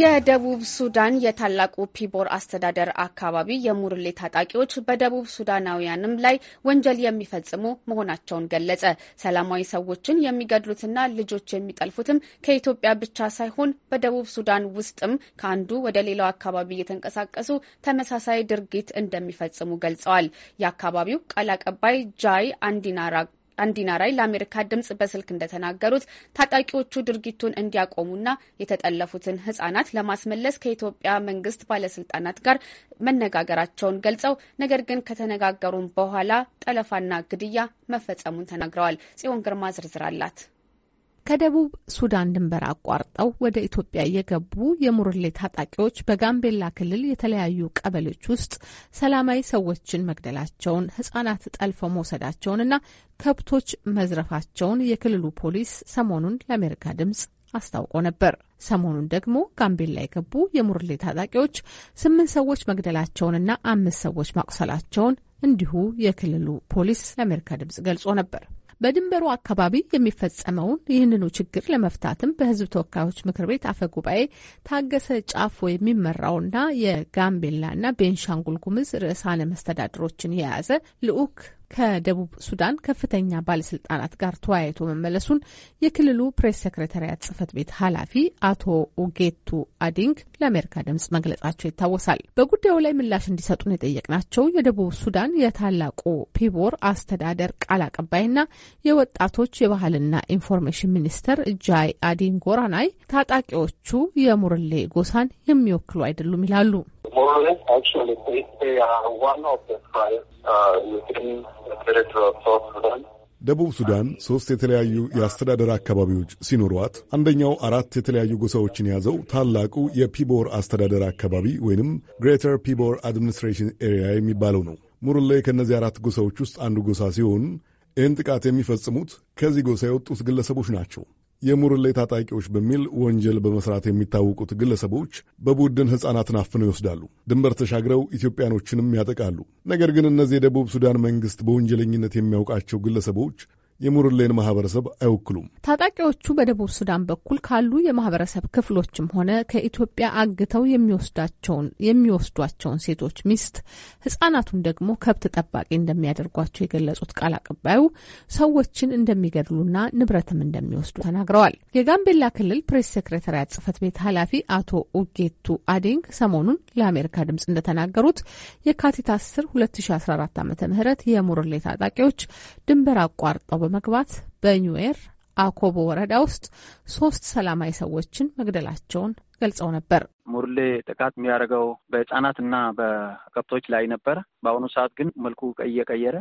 የደቡብ ሱዳን የታላቁ ፒቦር አስተዳደር አካባቢ የሙርሌ ታጣቂዎች በደቡብ ሱዳናውያንም ላይ ወንጀል የሚፈጽሙ መሆናቸውን ገለጸ። ሰላማዊ ሰዎችን የሚገድሉትና ልጆች የሚጠልፉትም ከኢትዮጵያ ብቻ ሳይሆን በደቡብ ሱዳን ውስጥም ከአንዱ ወደ ሌላው አካባቢ እየተንቀሳቀሱ ተመሳሳይ ድርጊት እንደሚፈጽሙ ገልጸዋል። የአካባቢው ቃል አቀባይ ጃይ አንዲናራ አንዲና ራይ ለአሜሪካ ድምጽ በስልክ እንደተናገሩት ታጣቂዎቹ ድርጊቱን እንዲያቆሙና የተጠለፉትን ህጻናት ለማስመለስ ከኢትዮጵያ መንግስት ባለስልጣናት ጋር መነጋገራቸውን ገልጸው ነገር ግን ከተነጋገሩም በኋላ ጠለፋና ግድያ መፈጸሙን ተናግረዋል። ጽዮን ግርማ ዝርዝር አላት። ከደቡብ ሱዳን ድንበር አቋርጠው ወደ ኢትዮጵያ የገቡ የሙርሌ ታጣቂዎች በጋምቤላ ክልል የተለያዩ ቀበሌዎች ውስጥ ሰላማዊ ሰዎችን መግደላቸውን፣ ሕጻናት ጠልፈው መውሰዳቸውንና ከብቶች መዝረፋቸውን የክልሉ ፖሊስ ሰሞኑን ለአሜሪካ ድምጽ አስታውቆ ነበር። ሰሞኑን ደግሞ ጋምቤላ የገቡ የሙርሌ ታጣቂዎች ስምንት ሰዎች መግደላቸውንና አምስት ሰዎች ማቁሰላቸውን እንዲሁ የክልሉ ፖሊስ ለአሜሪካ ድምጽ ገልጾ ነበር። በድንበሩ አካባቢ የሚፈጸመውን ይህንኑ ችግር ለመፍታትም በሕዝብ ተወካዮች ምክር ቤት አፈ ጉባኤ ታገሰ ጫፎ የሚመራውና የጋምቤላና ቤንሻንጉል ጉምዝ ርዕሳነ መስተዳድሮችን የያዘ ልዑክ ከደቡብ ሱዳን ከፍተኛ ባለስልጣናት ጋር ተወያይቶ መመለሱን የክልሉ ፕሬስ ሴክሬታሪያት ጽህፈት ቤት ኃላፊ አቶ ኡጌቱ አዲንግ ለአሜሪካ ድምጽ መግለጻቸው ይታወሳል። በጉዳዩ ላይ ምላሽ እንዲሰጡን የጠየቅናቸው የደቡብ ሱዳን የታላቁ ፒቦር አስተዳደር ቃል አቀባይና የወጣቶች የባህልና ኢንፎርሜሽን ሚኒስተር ጃይ አዲንጎራናይ ታጣቂዎቹ የሙርሌ ጎሳን የሚወክሉ አይደሉም ይላሉ። more or less, actually, they, they are one of the tribes uh, within the territory of South Sudan. ደቡብ ሱዳን ሶስት የተለያዩ የአስተዳደር አካባቢዎች ሲኖሯት አንደኛው አራት የተለያዩ ጎሳዎችን የያዘው ታላቁ የፒቦር አስተዳደር አካባቢ ወይንም ግሬተር ፒቦር አድሚኒስትሬሽን ኤሪያ የሚባለው ነው። ሙርሌ ከእነዚህ አራት ጎሳዎች ውስጥ አንዱ ጎሳ ሲሆን ይህን ጥቃት የሚፈጽሙት ከዚህ ጎሳ የወጡት ግለሰቦች ናቸው። የሙርሌ ታጣቂዎች በሚል ወንጀል በመስራት የሚታወቁት ግለሰቦች በቡድን ሕፃናትን አፍነው ይወስዳሉ። ድንበር ተሻግረው ኢትዮጵያኖችንም ያጠቃሉ። ነገር ግን እነዚህ የደቡብ ሱዳን መንግሥት በወንጀለኝነት የሚያውቃቸው ግለሰቦች የሙርሌን ማህበረሰብ አይወክሉም። ታጣቂዎቹ በደቡብ ሱዳን በኩል ካሉ የማህበረሰብ ክፍሎችም ሆነ ከኢትዮጵያ አግተው የሚወስዳቸውን የሚወስዷቸውን ሴቶች ሚስት፣ ህጻናቱን ደግሞ ከብት ጠባቂ እንደሚያደርጓቸው የገለጹት ቃል አቀባዩ ሰዎችን እንደሚገድሉና ንብረትም እንደሚወስዱ ተናግረዋል። የጋምቤላ ክልል ፕሬስ ሴክሬታሪያት ጽህፈት ቤት ኃላፊ አቶ ኡጌቱ አዴንግ ሰሞኑን ለአሜሪካ ድምጽ እንደተናገሩት የካቲት 10 2014 ዓ ም የሙርሌ ታጣቂዎች ድንበር አቋርጠው በመግባት በኒዌር አኮቦ ወረዳ ውስጥ ሶስት ሰላማዊ ሰዎችን መግደላቸውን ገልጸው ነበር። ሙርሌ ጥቃት የሚያደርገው በህጻናት እና በከብቶች ላይ ነበረ። በአሁኑ ሰዓት ግን መልኩ እየቀየረ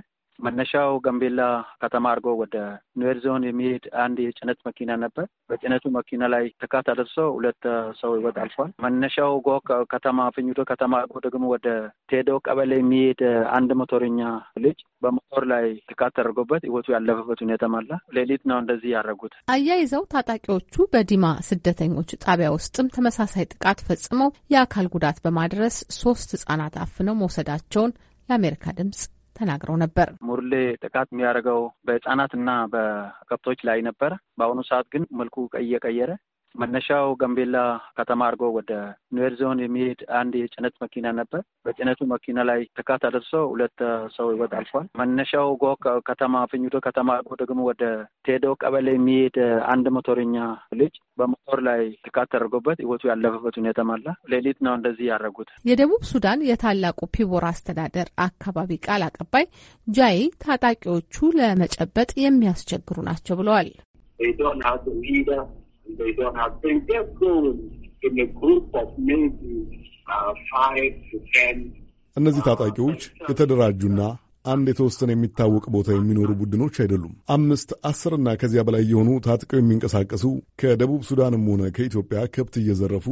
መነሻው ጋምቤላ ከተማ አድርጎ ወደ ኑዌር ዞን የሚሄድ አንድ የጭነት መኪና ነበር። በጭነቱ መኪና ላይ ጥቃት አደርሶ ሁለት ሰው ህይወት አልፏል። መነሻው ጎ ከተማ ፍኝዶ ከተማ አድርጎ ደግሞ ወደ ቴዶ ቀበሌ የሚሄድ አንድ ሞቶረኛ ልጅ በሞቶር ላይ ጥቃት ተደርጎበት ህይወቱ ያለፈበት ሁኔታም አለ። ሌሊት ነው እንደዚህ ያደረጉት። አያይዘው ታጣቂዎቹ በዲማ ስደተኞች ጣቢያ ውስጥም ተመሳሳይ ጥቃት ፈጽመው የአካል ጉዳት በማድረስ ሶስት ህጻናት አፍነው መውሰዳቸውን ለአሜሪካ ድምጽ ተናግረው ነበር። ሙርሌ ጥቃት የሚያደርገው እና በከብቶች ላይ ነበር። በአሁኑ ሰዓት ግን መልኩ እየቀየረ መነሻው ጋምቤላ ከተማ አድርጎ ወደ ኑዌር ዞን የሚሄድ አንድ የጭነት መኪና ነበር። በጭነቱ መኪና ላይ ጥቃት አደርሶ ሁለት ሰው ህይወት አልፏል። መነሻው ጎ ከተማ ፍኝቶ ከተማ አድርጎ ደግሞ ወደ ቴዶ ቀበሌ የሚሄድ አንድ ሞቶረኛ ልጅ በሞቶር ላይ ጥቃት ተደርጎበት ህይወቱ ያለፈበት ሁኔታ አለ። ሌሊት ነው እንደዚህ ያደረጉት። የደቡብ ሱዳን የታላቁ ፒቦራ አስተዳደር አካባቢ ቃል አቀባይ ጃይ ታጣቂዎቹ ለመጨበጥ የሚያስቸግሩ ናቸው ብለዋል። They don't have, things. they are going in a group of maybe uh, five to ten እነዚህ ታጣቂዎች የተደራጁና አንድ የተወሰነ የሚታወቅ ቦታ የሚኖሩ ቡድኖች አይደሉም። አምስት አስርና ከዚያ በላይ የሆኑ ታጥቀው የሚንቀሳቀሱ ከደቡብ ሱዳንም ሆነ ከኢትዮጵያ ከብት እየዘረፉ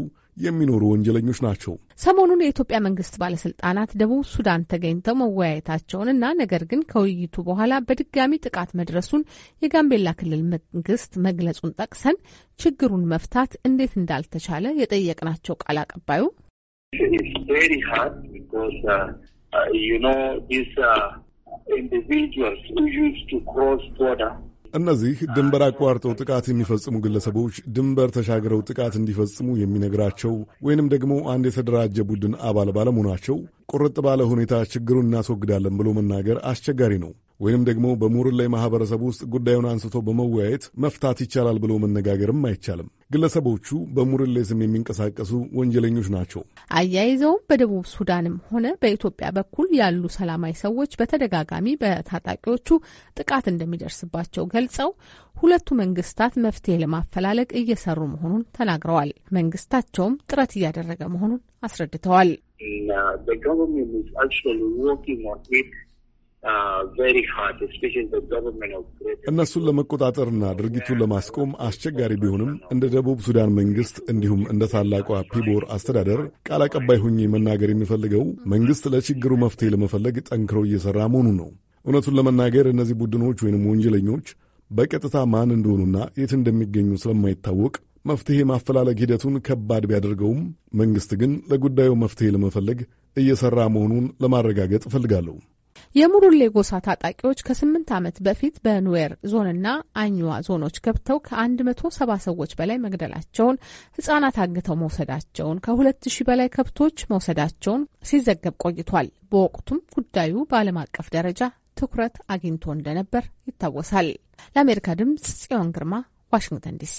የሚኖሩ ወንጀለኞች ናቸው። ሰሞኑን የኢትዮጵያ መንግስት ባለስልጣናት ደቡብ ሱዳን ተገኝተው መወያየታቸውንና ነገር ግን ከውይይቱ በኋላ በድጋሚ ጥቃት መድረሱን የጋምቤላ ክልል መንግስት መግለጹን ጠቅሰን ችግሩን መፍታት እንዴት እንዳልተቻለ የጠየቅናቸው ቃል አቀባዩ Uh, uh, እነዚህ uh, ድንበር አቋርጠው ጥቃት የሚፈጽሙ ግለሰቦች ድንበር ተሻግረው ጥቃት እንዲፈጽሙ የሚነግራቸው ወይንም ደግሞ አንድ የተደራጀ ቡድን አባል ባለመሆናቸው ቁርጥ ባለ ሁኔታ ችግሩን እናስወግዳለን ብሎ መናገር አስቸጋሪ ነው። ወይንም ደግሞ በሙርሌ ማህበረሰብ ውስጥ ጉዳዩን አንስቶ በመወያየት መፍታት ይቻላል ብሎ መነጋገርም አይቻልም። ግለሰቦቹ በሙርሌ ስም የሚንቀሳቀሱ ወንጀለኞች ናቸው። አያይዘውም በደቡብ ሱዳንም ሆነ በኢትዮጵያ በኩል ያሉ ሰላማዊ ሰዎች በተደጋጋሚ በታጣቂዎቹ ጥቃት እንደሚደርስባቸው ገልጸው ሁለቱ መንግስታት መፍትሄ ለማፈላለግ እየሰሩ መሆኑን ተናግረዋል። መንግስታቸውም ጥረት እያደረገ መሆኑን አስረድተዋል። እነሱን ለመቆጣጠርና ድርጊቱን ለማስቆም አስቸጋሪ ቢሆንም እንደ ደቡብ ሱዳን መንግስት እንዲሁም እንደ ታላቋ ፒቦር አስተዳደር ቃል አቀባይ ሆኜ መናገር የሚፈልገው መንግስት ለችግሩ መፍትሄ ለመፈለግ ጠንክሮ እየሰራ መሆኑን ነው። እውነቱን ለመናገር እነዚህ ቡድኖች ወይንም ወንጀለኞች በቀጥታ ማን እንደሆኑና የት እንደሚገኙ ስለማይታወቅ መፍትሄ ማፈላለግ ሂደቱን ከባድ ቢያደርገውም መንግስት ግን ለጉዳዩ መፍትሄ ለመፈለግ እየሰራ መሆኑን ለማረጋገጥ እፈልጋለሁ። የሙሩሌ ጎሳ ታጣቂዎች ከስምንት ዓመት በፊት በኑዌር ዞንና አኝዋ ዞኖች ገብተው ከአንድ መቶ ሰባ ሰዎች በላይ መግደላቸውን፣ ህጻናት አግተው መውሰዳቸውን፣ ከሁለት ሺህ በላይ ከብቶች መውሰዳቸውን ሲዘገብ ቆይቷል። በወቅቱም ጉዳዩ በዓለም አቀፍ ደረጃ ትኩረት አግኝቶ እንደነበር ይታወሳል። ለአሜሪካ ድምጽ ጽዮን ግርማ ዋሽንግተን ዲሲ